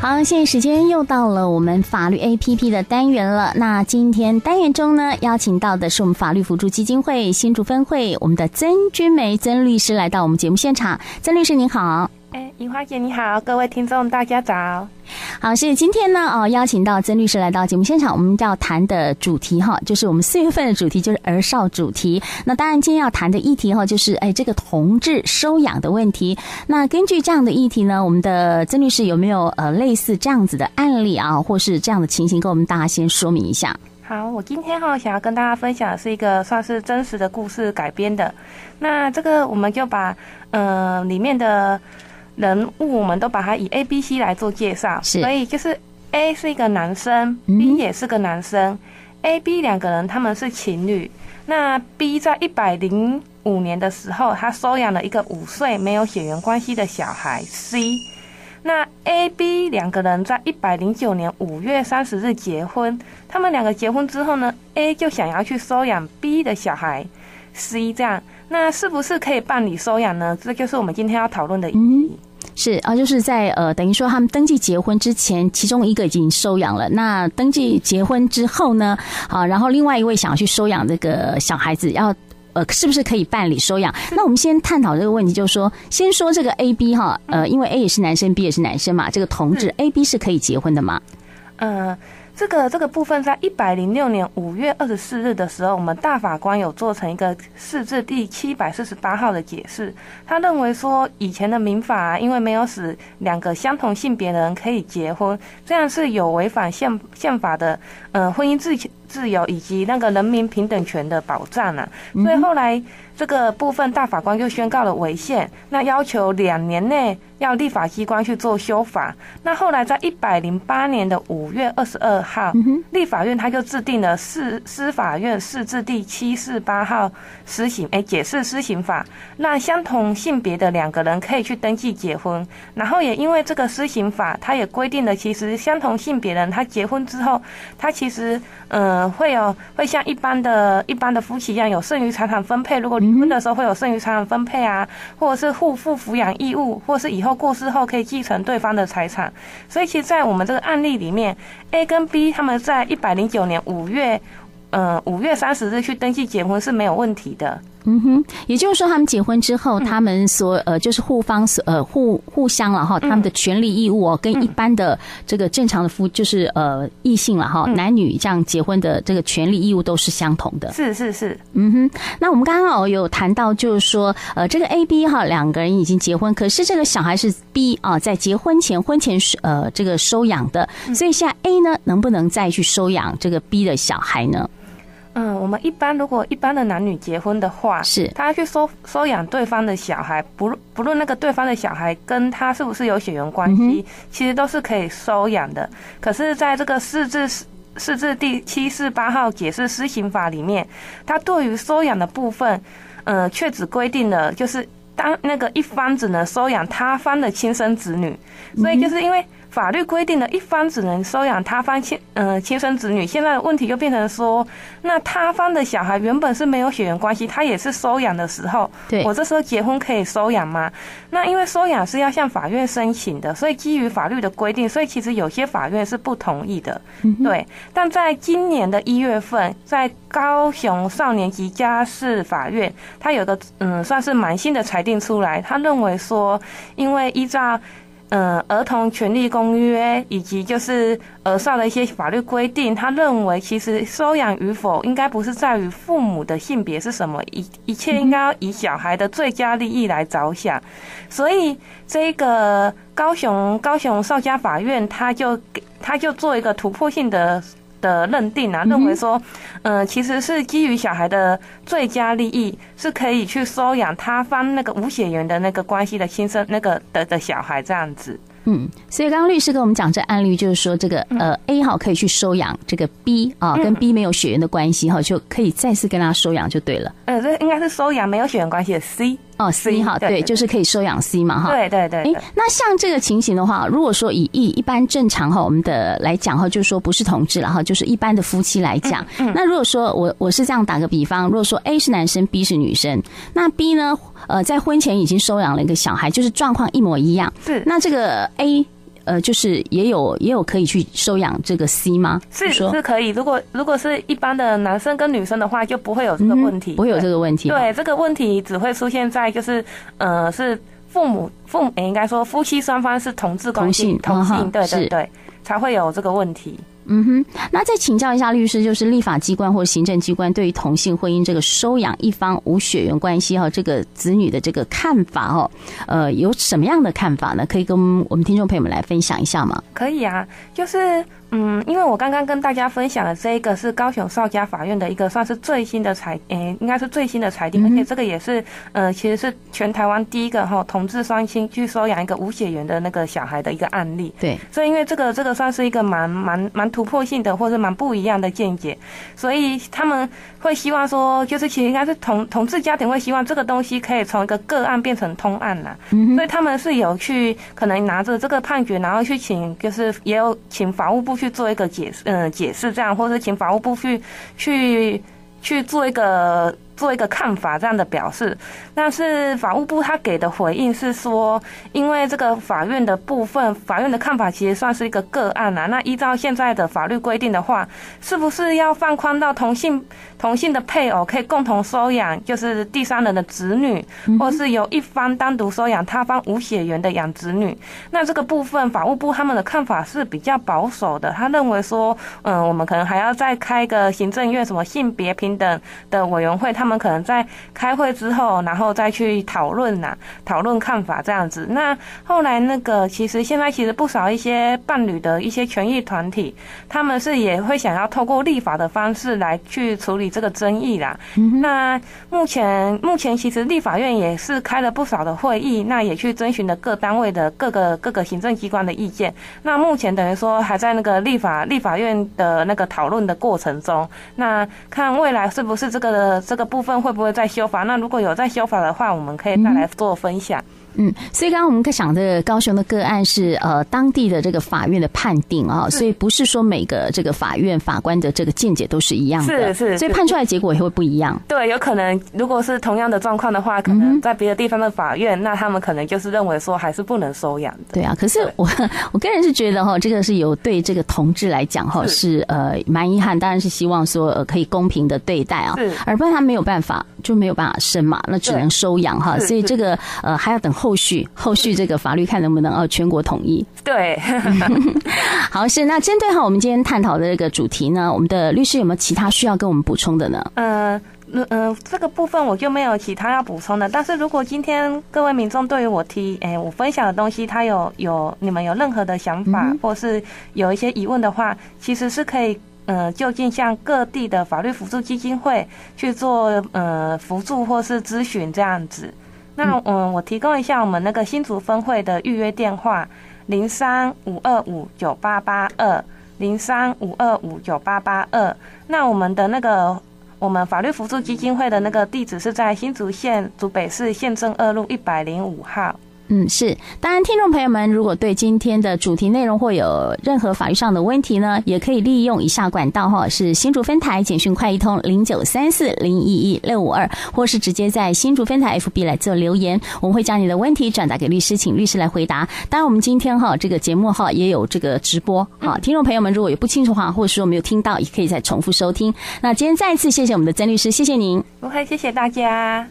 好，現在時間又到了我們法律 APP 的單元了。那今天單元中呢，邀請到的是我們法律扶助基金會新竹分會我們的曾鈞玫曾律師來到我們節目現場。曾律師您好。哎，銀、欸、花姐你好，各位聽眾大家早。好，所以今天呢，哦，邀請到曾律師來到節目現場，我們要談的主題哈、哦，就是我們四月份的主題，就是兒少主題。那當然，今天要談的議題哈、哦，就是哎，這個同志收養的問題。那根據這樣的議題呢，我們的曾律師有沒有呃類似這樣子的案例啊、哦，或是這樣的情形，跟我們大家先說明一下？好，我今天哈、哦、想要跟大家分享的是一個算是真實的故事改編的。那這個我們就把呃裡面的。人物我們都把它以 A、B、C 來做介紹，是所以就是 A 是一個男生，嗯、哼，B 也是個男生，A、B 兩個人他們是情侶。那 B 在105年的時候，他收養了一個五歲沒有血緣關係的小孩 C。那 A、B 兩個人在109年5月30日結婚，他們兩個結婚之後呢，A 就想要去收養 B 的小孩 C 這樣，那是不是可以辦理收養呢？這就是我們今天要討論的意義。嗯是啊，就是在呃，等於說他們登記結婚之前，其中一個已經收養了。那登記結婚之後呢？啊，然後另外一位想要去收養這個小孩子，要呃，是不是可以辦理收養？那我們先探討這個問題，就是說，先說這個 A B 哈、啊，呃，因為 A 也是男生，B 也是男生嘛，這個同志 A B 是可以結婚的嗎？嗯、呃。這個這個部分在一百零六年五月二十四日的時候，我們大法官有做成一個釋字第七百四十八號的解釋，他認為說以前的民法、啊、因為沒有使兩個相同性別的人可以結婚，這樣是有違反憲憲法的，嗯、呃，婚姻自自由以及那個人民平等權的保障了、啊，所以後來。這個部分大法官就宣告了違憲，那要求兩年內要立法機關去做修法。那後來在一百零八年的五月二十二號，嗯、哼立法院他就制定了司司法院釋字第七四八號施行誒解釋施行法。那相同性別的兩個人可以去登記結婚，然後也因為這個施行法，他也規定了，其實相同性別人他結婚之後，他其實嗯、呃、會有會像一般的一般的夫妻一樣有剩餘財產分配，如果離婚 的時候會有剩餘財產分配啊，或者是互負撫養義務，或是以後過世後可以繼承對方的財產。所以，其實，在我們這個案例裡面，A 跟 B 他們在一百零九年五月，嗯、呃，五月三十日去登記結婚是沒有問題的。嗯哼，也就是說，他們結婚之後，嗯、他們所呃就是互方所呃互互相了哈，他們的權利義務哦，嗯、跟一般的這個正常的夫就是呃異性了哈，男女這樣結婚的這個權利義務都是相同的。是是是，是是嗯哼。那我們剛剛哦有談到，就是說呃這個 A B 哈兩個人已經結婚，可是這個小孩是 B 啊、呃，在結婚前婚前是呃這個收養的，所以現在 A 呢能不能再去收養這個 B 的小孩呢？嗯，我們一般如果一般的男女結婚的話，是，他去收收養對方的小孩，不不論那個對方的小孩跟他是不是有血緣關係，嗯、哼其實都是可以收養的。可是，在這個釋字釋字第七四八號解釋施行法裡面，他對於收養的部分，嗯、呃，却只規定了就是當那個一方只能收養他方的親生子女，所以就是因為。法律規定的一方只能收養他方親，嗯、呃，親生子女。現在問題就變成說，那他方的小孩原本是沒有血緣關係，他也是收養的時候，對，我這時候結婚可以收養嗎？那因為收養是要向法院申請的，所以基於法律的規定，所以其實有些法院是不同意的，嗯、哼對。但在今年的一月份，在高雄少年及家事法院，他有個嗯，算是蠻新的裁定出來，他認為說，因為依照。嗯，兒童權利公約以及就是兒少的一些法律規定，他認為其實收養與否應該不是在於父母的性別是什麼，一一切應該要以小孩的最佳利益來着想。所以這個高雄高雄少家法院，他就他就做一個突破性的。的認定啊，認為說，嗯、呃，其實是基於小孩的最佳利益，是可以去收養他，方那個無血緣的那個關係的親生那個的的小孩這樣子。嗯，所以剛剛律師跟我們講這案例，就是說這個呃、嗯、A 好可以去收養這個 B 啊，跟 B 沒有血緣的關係哈，嗯、就可以再次跟他收養就對了。呃這應該是收養沒有血緣關係的 C。哦、oh,，C 哈，對，對對就是可以收養 C 嘛，哈。對，對對對。誒，那像這個情形的話，如果說以 E 一般正常哈，我們的來講哈，就是說不是同志了哈，就是一般的夫妻來講。嗯嗯、那如果說我我是這樣打個比方，如果說 A 是男生，B 是女生，那 B 呢，呃，在婚前已經收養了一個小孩，就是狀況一模一樣。對是那這個 A。呃，就是也有也有可以去收養這個 C 嗎？是是可以，如果如果是一般的男生跟女生的話，就不會有這個問題，嗯、哼對不會有這個問題。對，這個問題只會出現在就是呃，是父母父母，母、欸、也應該說夫妻雙方是同志關係，同性，同性，同性，對對是對，才會有這個問題。嗯哼，那再請教一下律師，就是立法機關或行政機關，對於同性婚姻這個收養一方無血緣關係哈、哦，這個子女的這個看法哦，呃，有什麼樣的看法呢？可以跟我們聽眾朋友們來分享一下嗎？可以啊，就是。嗯，因為我剛剛跟大家分享的這一個是高雄少家法院的一個算是最新的裁，誒、欸，應該是最新的裁定，嗯、哼而且這個也是，呃，其實是全台灣第一個哈同志雙親去收養一個無血緣的那個小孩的一個案例。對。所以因為這個這個算是一個蠻蠻蠻突破性的，或者蠻不一樣的見解，所以他們會希望說，就是其實應該是同同志家庭會希望這個東西可以從一個個案變成通案啦。嗯哼。所以他們是有去可能拿着這個判決，然後去請就是也有請法務部。去做一個解釋，嗯、呃，解釋這樣，或者是請法務部去去去做一個。做一個看法這樣的表示，但是法務部他給的回應是說，因為這個法院的部分，法院的看法其實算是一個個案啊。那依照現在的法律規定的話，是不是要放寬到同性同性的配偶可以共同收養，就是第三人的子女，嗯、哼或是由一方單獨收養他方無血緣的養子女？那這個部分法務部他們的看法是比較保守的，他認為說，嗯、呃，我們可能還要再開一個行政院什麼性別平等的委員會，他。他們可能在開會之後，然後再去討論吶、啊，討論看法這樣子。那後來那個，其實現在其實不少一些伴侶的一些權益團體，他們是也會想要透過立法的方式來去處理這個爭議啦。嗯、哼那目前目前其實立法院也是開了不少的會議，那也去徵詢了各單位的各個各個行政機關的意見。那目前等於說還在那個立法立法院的那個討論的過程中，那看未來是不是這個的這個部分會不會再修法？那如果有再修法的話，我們可以再來做分享。嗯嗯，所以剛剛我們在想的高雄的個案是呃當地的這個法院的判定啊、哦，是所以不是說每個這個法院法官的這個見解都是一樣的，是是，是是，所以判出來的結果也會不一樣。對，有可能如果是同樣的狀況的話，可能在別的地方的法院，嗯、哼那他們可能就是認為說還是不能收養的。對啊，可是我對我個人是覺得哈，這個是有對這個同志來講哈是，是呃蠻遺憾，當然是希望說呃可以公平的對待啊，是而不是他沒有辦法。就沒有辦法生嘛，那只能收養哈。對 所以這個是是呃，還要等後續，後續這個法律看能不能呃，全國統一。對 好，好是。那針對哈我們今天探討的這個主題呢，我們的律師有沒有其他需要跟我們補充的呢？呃，那呃，這個部分我就沒有其他要補充的。但是如果今天各位民眾對於我提，哎、欸，我分享的東西，他有有你們有任何的想法，嗯、或是有一些疑問的話，其實是可以。嗯，就近向各地的法律扶助基金會去做呃扶助或是諮詢這樣子。那嗯，我提供一下我們那個新竹分會的預約電話：零三五二五九八八二零三五二五九八八二。那我們的那個我們法律扶助基金會的那個地址是在新竹縣竹北市縣政二路一百零五號。嗯，是。當然，聽眾朋友們，如果對今天的主題內容或有任何法律上的問題呢，也可以利用以下管道哈，是新竹分台簡訊快易通零九三四零一一六五二，或是直接在新竹分台 FB 來做留言，我們會將你的問題轉達給律師，請律師來回答。當然，我們今天哈這個節目哈也有這個直播哈，嗯、聽眾朋友們如果有不清楚的話，或者說沒有聽到，也可以再重複收聽。那今天再一次謝謝我們的曾律師，謝謝您。不會，謝謝大家。